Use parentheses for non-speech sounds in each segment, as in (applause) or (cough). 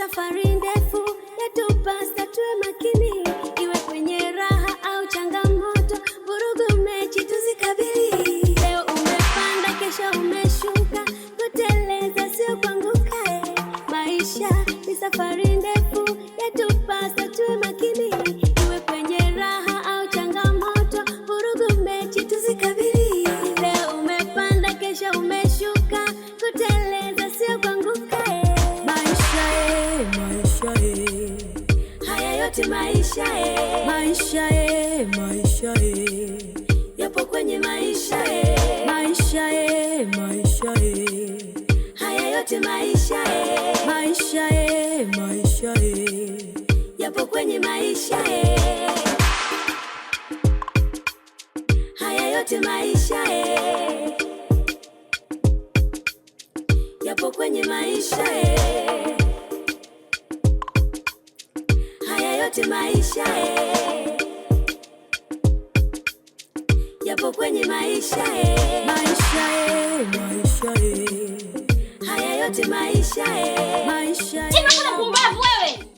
safari ndefu yatupasa tuwe makini, iwe kwenye raha au changamoto, vurugu, mechi tuzikabili. Leo umepanda, kesho umeshuka, kuteleza sio kuanguka. Eh. Maisha ni safari yote maisha e, maisha e, maisha e, yapo kwenye maisha e, maisha e, maisha e, haya yote maisha e, maisha e, maisha e, yapo kwenye maisha e, haya yote maisha e, yapo kwenye maisha e yote maisha eh, yapo kwenye maisha eh, maisha eh, maisha eh, haya yote maisha eh, maisha eh. Tena kuna kumbavu wewe.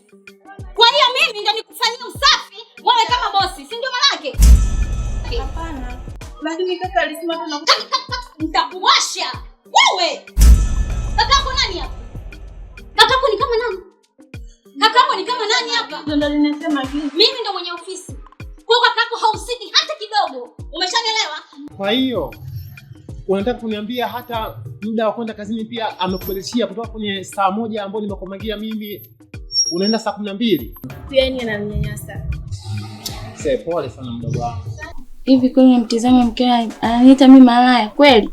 Kwa hiyo mimi ndio nikufanyia usafi wewe kama bosi, si ndio malaki? Hapana. Lakini kaka alisema ah, ah, ah, nitakuwasha wewe. Kaka kuna nani hapo? Kaka ni kama nani? Kakako ni kama nani hapa? Ndio ndio ninasema hivi. Mimi ndo mwenye ofisi. Kwa hiyo kakako hausiki hata kidogo. Umeshanielewa? Kwa hiyo unataka kuniambia hata muda wa kwenda kazini pia amekuelezea kutoka kwenye saa moja ambayo nimekupangia mimi unaenda saa kumi na mbili? Yaani anamnyanyasa. Sasa pole sana mdogo wangu. Hivi kweli mtizamo mkeo ananiita mimi malaya kweli?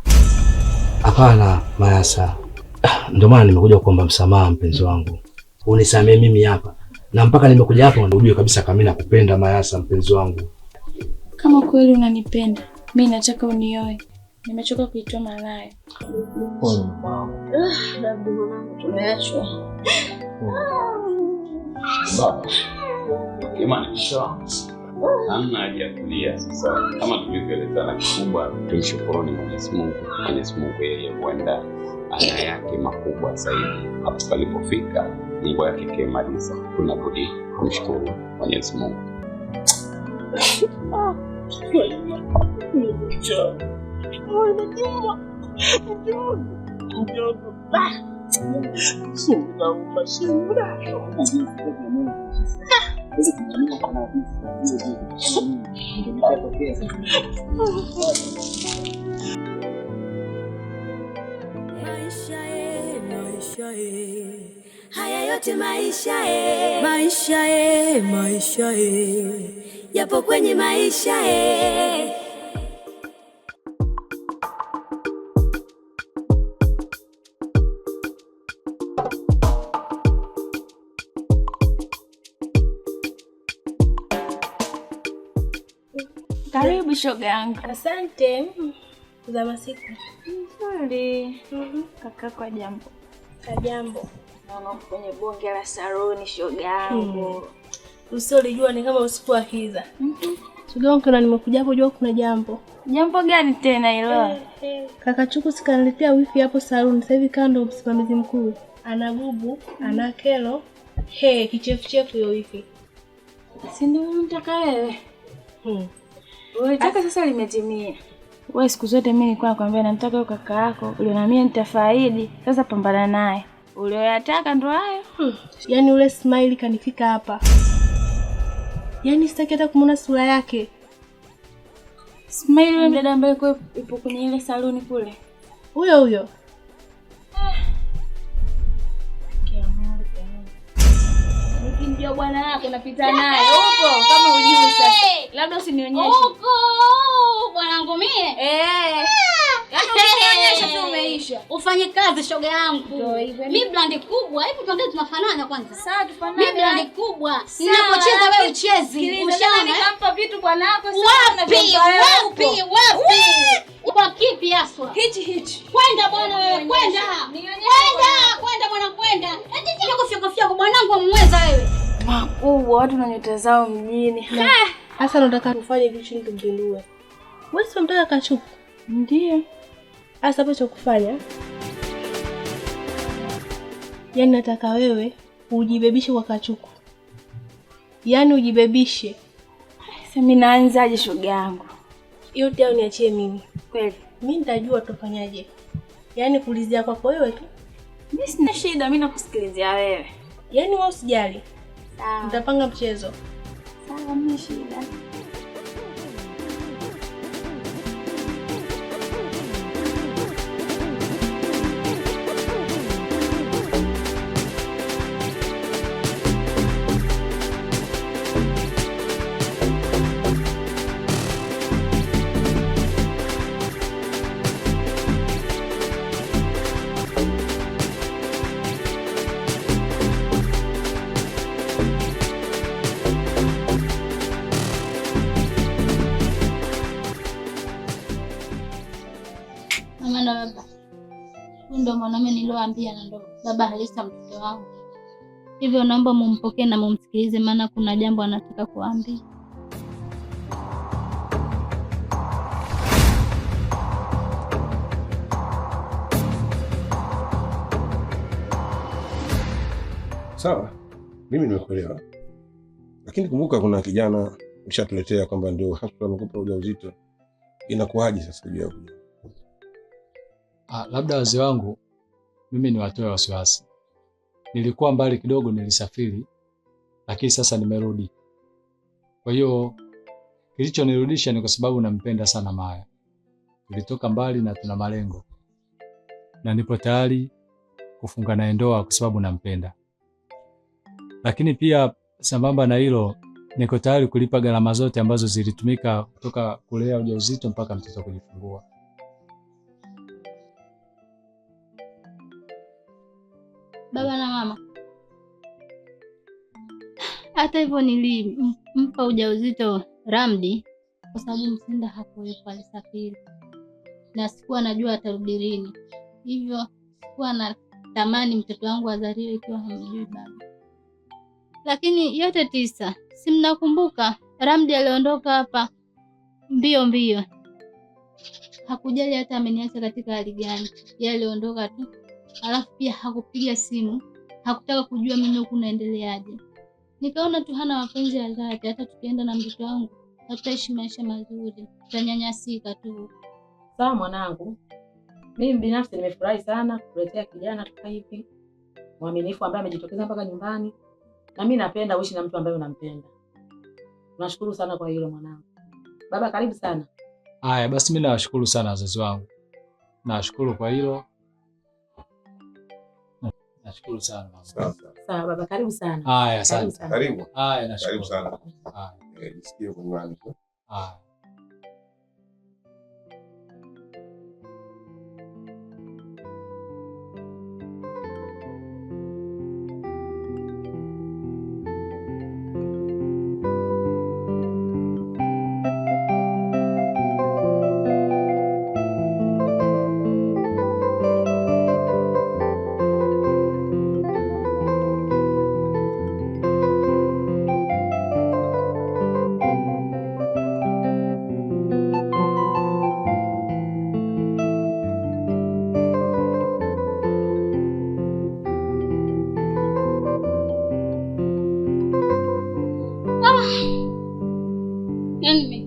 Hapana, Mayasa. Ah, ndio maana nimekuja kuomba msamaha mpenzi wangu unisamee mimi hapa na mpaka nimekuja hapa, ujue kabisa kama mimi nakupenda Mayasa, mpenzi wangu. Kama kweli unanipenda mi nataka unioe. Nimechoka kuitwa malaya. Ah, hamna haja ya kulia sasa. Kama tulivyoelezana, kikubwa tumshukuruni Mwenyezi Mungu. Mwenyezi Mungu yeye huenda ana yake makubwa zaidi hapo palipofika Mungu yake kimaliza, tunarudi kumshukuru Mwenyezi Mungu. Maisha e, maisha e haya yote maisha e, maisha e, maisha e, yapo kwenye maisha e. Karibu shoga yangu. Asante. Za masiku nzuri. mm -hmm. Kaka, kwa jambo. Kwa jambo mama kwenye bonge la saloni shoga yangu hmm. Usiolijua ni kama usiku wa kiza mm Shoga yangu na nimekuja hapo, jua kuna jambo. Jambo gani tena hilo? Eh, eh. Kaka Chuku sikanilipia wifi hapo saloni, sasa hivi kando msimamizi mkuu ana gubu -hmm. ana kelo he kichefuchefu hiyo wifi, si ndio mtaka wewe hmm. Ulitaka sasa limetimia. Wewe siku zote mimi nilikuwa nakwambia nataka huyo kaka yako, ulionamia nitafaidi. Sasa pambana naye ulioyataka ndo hayo. Hmm. Yaani ule smile kanifika hapa, yaani sitaki hata kumuona sura yake. Smile yule mdada hmm. ambaye ipo kwenye ile saluni kule, huyo huyo. Ndio bwana yako napita naye huko kama ujui sasa. Labda usinionyeshe. Huko bwanangu mie. Eh. Aisha. Ufanye kazi shoga yangu. Mimi brand kubwa, hebu tuangalie tunafanana kwanza. Sawa tufanane. Mimi brand kubwa. Ninapocheza wewe uchezi. Ushana. Yaani eh? Nikampa vitu bwanako sasa. na vyombo. Wapi? Wapi? Kwa kipi haswa? Hichi hichi. Kwenda bwana wewe, kwenda. Kwenda, kwenda bwana kwenda. Eti yaani sio kofia kofia kwa mwanangu amweza wewe. Makubwa watu na nyota zao mjini. Sasa nataka tufanye vitu chini tumpindue. Wewe sio mtaka kachuku? Ndiye. Hasa hapo cha kufanya, yaani nataka wewe ujibebishe kwa kachuku, yaani ujibebishe. Sasa mimi naanzaje shoga yangu? Yote au niachie mimi? Kweli mimi nitajua tufanyaje, yaani kulizia kwako wewe tu. Mimi sina shida, mi nakusikilizia wewe, yaani wewe usijali, nitapanga mchezo. Sawa, mimi shida mlioambia na ndo baba halisi mtoto wangu, hivyo naomba mumpokee na mumsikilize, maana kuna jambo anataka kuambia. Sawa, mimi nimekuelewa, lakini kumbuka, kuna kijana ulishatuletea kwamba ndio hasa amekupa ujauzito. Inakuwaje sasa juu ya ah, labda wazee wangu mimi niwatoe wasiwasi. Nilikuwa mbali kidogo, nilisafiri, lakini sasa nimerudi. Kwa hiyo kilichonirudisha ni kwa sababu nampenda sana Maya. Tulitoka mbali na tuna malengo, na nipo tayari kufunga naye ndoa kwa sababu nampenda. Lakini pia sambamba na hilo, niko tayari kulipa gharama zote ambazo zilitumika kutoka kulea ujauzito mpaka mtoto kujifungua. baba na mama. Hata hivyo nilimpa ujauzito Ramdi kwa sababu Msinda hakuwepo, alisafiri na sikuwa najua atarudi lini, hivyo sikuwa na tamani mtoto wangu azaliwe ikiwa hamjui baba. Lakini yote tisa, si mnakumbuka Ramdi aliondoka hapa mbio mbio, hakujali hata ameniacha katika hali gani, yeye aliondoka tu alafu pia hakupiga simu, hakutaka kujua mimi huku naendeleaje. Nikaona tu hana wapenzi ya dhati, hata tukienda na mtoto wangu hatutaishi maisha mazuri, tutanyanyasika tu. Sawa mwanangu, mimi binafsi nimefurahi sana kuletea kijana kama hivi mwaminifu ambaye amejitokeza mpaka nyumbani, na mimi napenda uishi na mtu ambaye unampenda. Nashukuru sana kwa hilo mwanangu. Baba, karibu sana. Haya basi, mimi nawashukuru sana wazazi wangu, nawashukuru kwa hilo Nashukuru sana sawa sawa baba, karibu sana. Haya, asante. Karibu. Haya, nashukuru Karibu sana. Haya, nisikie eh, kwa nyumbani. Haya.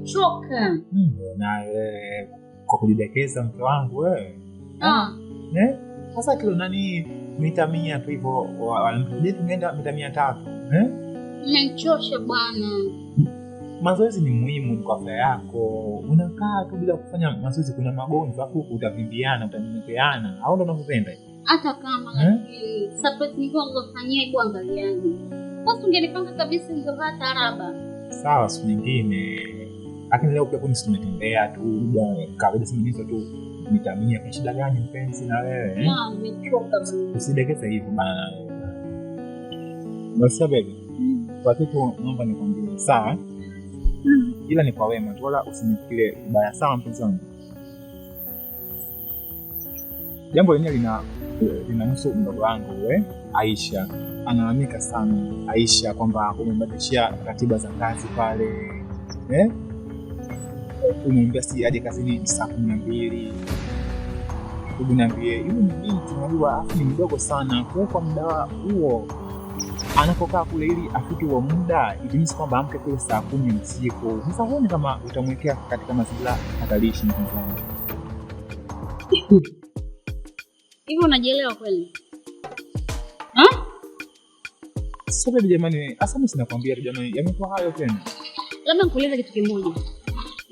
nimechoka. Hmm. na eh, kwa kujidekeza mke wangu wewe. Eh. Ah. Eh? Sasa kilo nani mita mia tu hivyo, je, mita mia tatu eh? Naichosha bwana. Mazoezi ni muhimu kwa afya yako. Unakaa tu bila kufanya mazoezi, kuna magonjwa afu utavimbiana, utanenepeana, au ndo unavyopenda hata kama lakini sapoti nilikuwa ngofanyia iko angaliani. basi ungenipanga kabisa, ningevaa taraba. Sawa, siku nyingine lakini leo pia kuni tumetembea tu muda kawaida, simenizo tu nitamia kwa shida gani mpenzi, na wewe eh? usidekeze hivyo bana. Basi baby, mm. kwa kitu naomba nikwambie, sawa? Mm. Ila ni kwa wema tu, wala usinifikirie baya sawa mpenzi wangu. Jambo lenyewe lina linahusu mdogo wangu wewe eh, Aisha analalamika sana Aisha kwamba umebadilishia ratiba za kazi pale eh? umwambia si aje kazini saa kumi na mbili kumi na ni binti, afu ni mdogo sana, kwa kwa muda huo anapokaa kule, ili afike huo muda, ilimsi kwamba amke kule saa kumi usiku. Sasa huoni kama utamwekea katika mazingira hatarishi? mpinzani hivyo unajielewa kweli? Sasa bebi, jamani, asante, sinakwambia jamani, yamekuwa hayo tena. Labda nikuulize kitu kimoja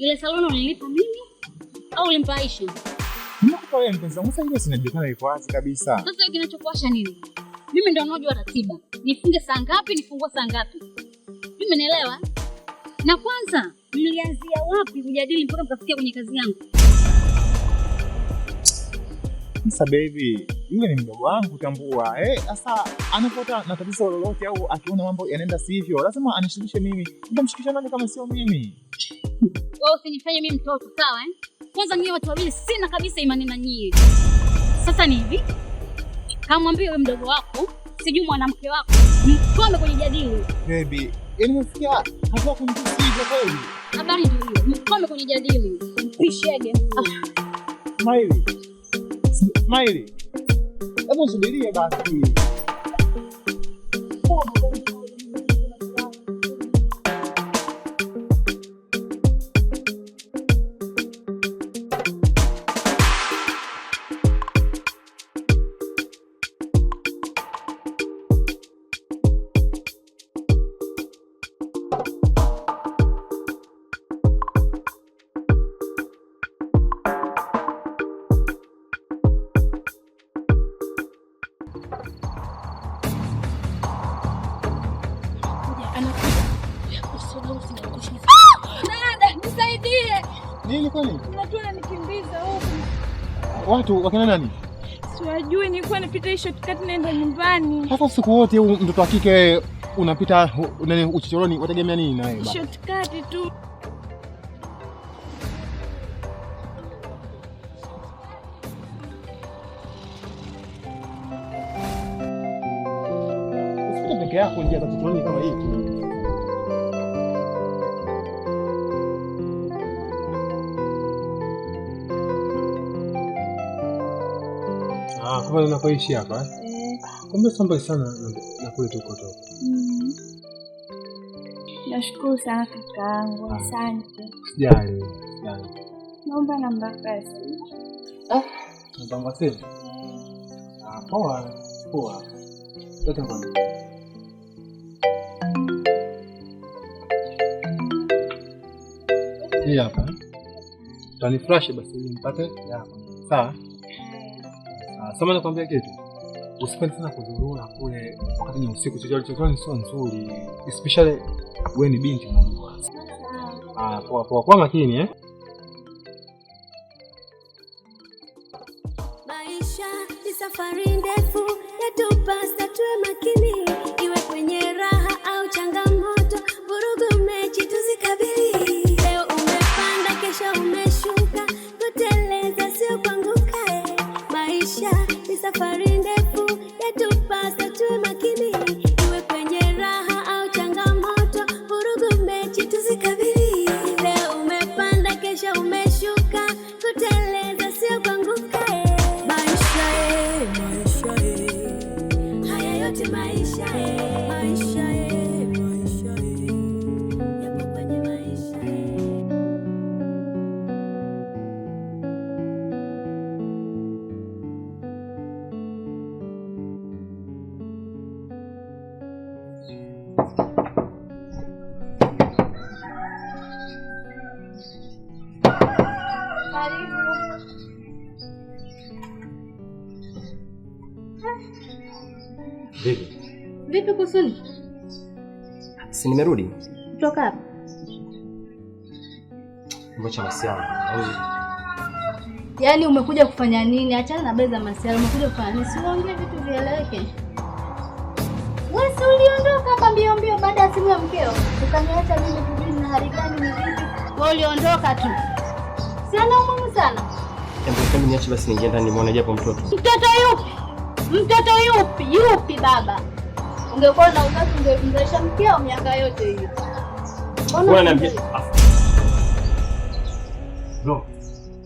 ile salon ulilipa mimi au ulimpa Aisha? Wewe mpenzi wangu, sasa ile sinajulikana iko wazi kabisa. Sasa hiyo kinachokuasha nini? Mimi ndio najua ratiba, nifunge saa ngapi, nifungue saa ngapi, mimi naelewa. Na kwanza mlianzia wapi kujadili mpaka mkafikia kwenye kazi yangu? Sasa baby, yule ni mdogo wangu tambua. Eh, Sasa eh, anapota na tatizo lolote au akiona mambo yanaenda sivyo, lazima anishirikishe mimi. Nitamshirikisha nani kama sio mimi? Wewe usinifanye mimi mtoto, sawa eh? Kwanza nyie watu wawili sina kabisa imani na nyie. Sasa ni hivi. Kamwambie wewe mdogo wako, sijui mwanamke wako, mkome kwenye jadili. Baby, yaani unafikia hapo hivyo kweli. Habari ndio hiyo. Mkome kwenye jadili. Mpishege. Ah. Maili. Maili. Hebu subiria basi. watu wakina nani? Siwajui, nilikuwa napita hii shortcut naenda nyumbani. Sasa siku wote huu mtoto wa kike unapita nani uchochoroni, wategemea nini naye? Shortcut tu. Peke yako njia za chochoroni kama hii. Ah, kwa unapoishi hapa? Eh. eh. Kumbe sio mbali sana na kule huko tu. Mm. Nashukuru sana kaka yangu, ah. asante. Sijali, sijali. Naomba namba pesa. Ah, namba pesa. Ah, poa, poa. Tata mbona? Hii hapa. Eh? flash basi nipate yako. Sawa? Samahani nakwambia kitu. Usipende sana kuzurura kule wakati ni usiku, chochote sio nzuri. Especially wewe ni binti unajua. Ah, poa poa, kwa makini eh. kweli? Si nimerudi kutoka hapa. Mbocha masiala. Yaani umekuja kufanya nini? Achana na beza masiala, umekuja kufanya nini? Siongee vitu vieleweke. Wewe si uliondoka hapa mbio mbio baada ya simu ya mkeo. Ukaniacha mimi kujini na harikani mziki. Wewe uliondoka tu. Siana umuhimu sana. Hebu kama niache basi ningeenda nimuone japo mtoto. Mtoto yupi? Mtoto yupi? Yupi baba? ungekuwa na uzazi ungemzalisha mkeo miaka yote hiyo.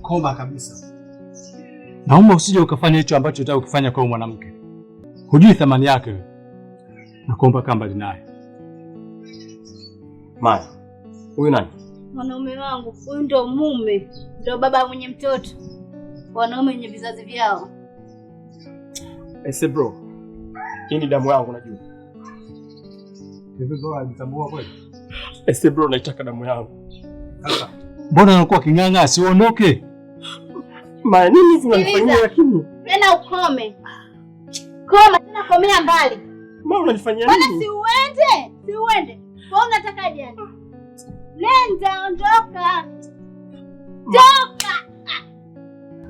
Koma kabisa. Naomba usije ukafanya hicho ambacho unataka kufanya kwa mwanamke. Hujui thamani yake wewe. Nakuomba kaa mbali naye. Maya, huyu nani? Mwanaume wangu, huyu ndo mume, ndo baba mwenye mtoto, wanaume wenye vizazi vyao. Ese eh, bro, hii ni damu yangu najua. Eh, bro, naitaka damu yangu. Sasa mbona anakuwa king'ang'a asiondoke? Maana nini zinanifanyia lakini? Tena ukome. Koma tena komea mbali. Mbona unanifanyia nini? si uende, si uende. Mbona unataka jani? Nenda ondoka. Toka.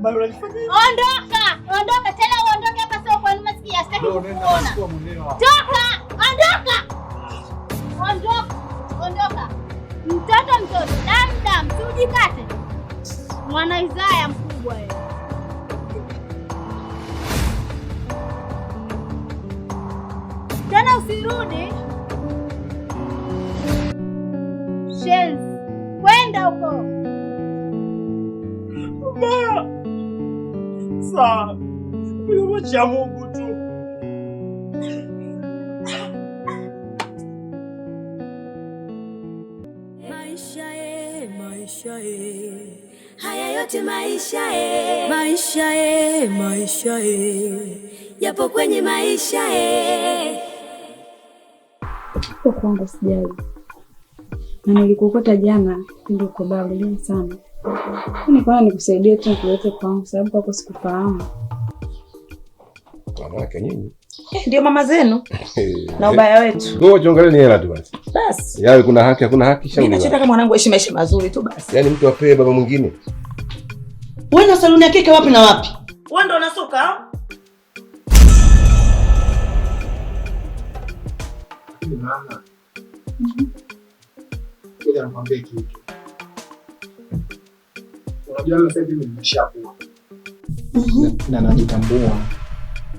Ondoka, ondoka tena uondoke hapa sio kwa nini msikia? Sitaki kukuona. Toka, ondoka. Ondoka, ondoka mtoto, mtoto damdam, siujikate mwana Isaya mkubwa yeye. Tena usirudi shenzi, kwenda huko ubaya saa cha Mungu yote maisha e, maisha e, maisha e, yapo kwenye maisha e. Kwa kwangu sijali, na nilikukuta jana ndio kwa baridi sana, nikaona nikusaidie tu kuleta kwangu, sababu kwa sikufahamu. Wanawake nyinyi eh, ndio mama zenu (laughs) na ubaya wetu. Ngoja angalia ni hela tu basi. Basi. Yawe yaani kuna haki, hakuna haki shauri. Ninachotaka mwanangu aishi maisha mazuri tu basi. Yaani mtu apewe baba mwingine. Wewe saluni ya kike wapi na wapi? Wewe ndo unasuka? Mm-hmm. Mm-hmm. Na najitambua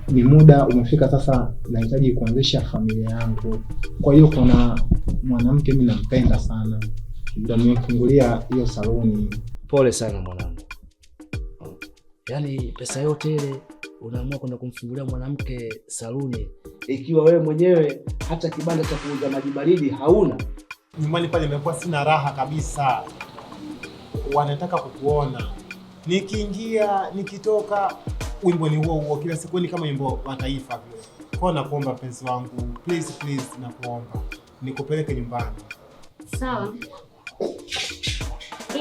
ni muda umefika sasa, nahitaji kuanzisha familia yangu. Kwa hiyo kuna mwanamke mimi nampenda sana, ndio nimefungulia hiyo saluni. Pole sana mwanangu yani pesa yote ile unaamua kwenda kumfungulia mwanamke saluni, ikiwa wewe mwenyewe hata kibanda cha kuuza maji baridi hauna. Nyumbani pale imekuwa sina raha kabisa, wanataka kukuona nikiingia nikitoka, wimbo ni huo huo kila siku, ni kama wimbo wa taifa vile. Kwa nakuomba mpenzi wangu, please please, nakuomba nikupeleke nyumbani. Sawa,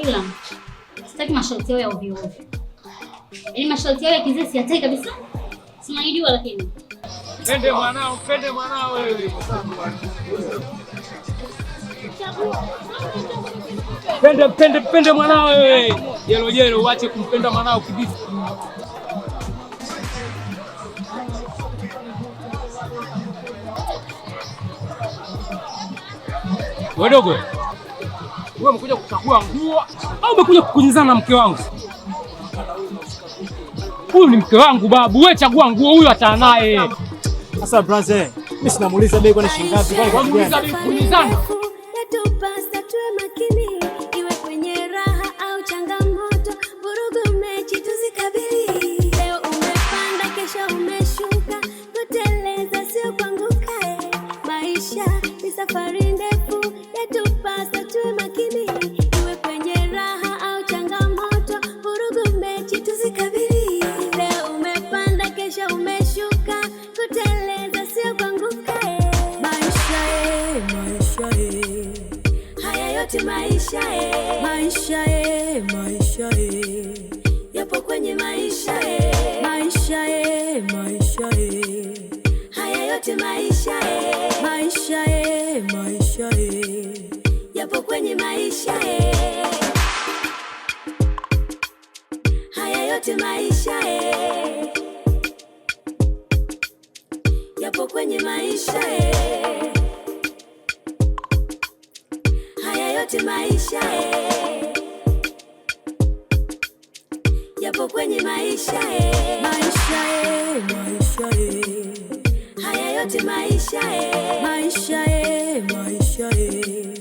ila sitaki masharti yao ya ovyo ovyo Yaani masharti yao ya kizee siyatai kabisa. Sinajua lakini. Pende mwanao, pende mwanao wewe. Pende pende pende mwanao wewe. Jelo jelo uache kumpenda mwanao kibisi. Wewe dogo. Wewe umekuja kuchagua nguo au umekuja kukunizana na mke wangu? huyu ni mke wangu babu, wewe chagua nguo, huyu achana naye. Sasa brother, mimi sinamuuliza bei kwani shilingi ngapi? Kwani kuulizana maisha e, maisha e, maisha e, yapo kwenye maisha e, maisha e, maisha e, haya yote maisha e, maisha e, maisha e, yapo kwenye maisha e, haya yote maisha e, yapo kwenye maisha yapo kwenye maisha e, maisha e, maisha e, haya yote maisha e, maisha e, maisha e,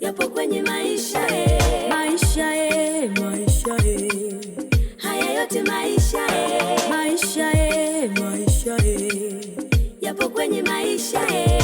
yapo kwenye maisha e, maisha e, maisha e, haya yote maisha e, maisha e, maisha e, yapo kwenye maisha e.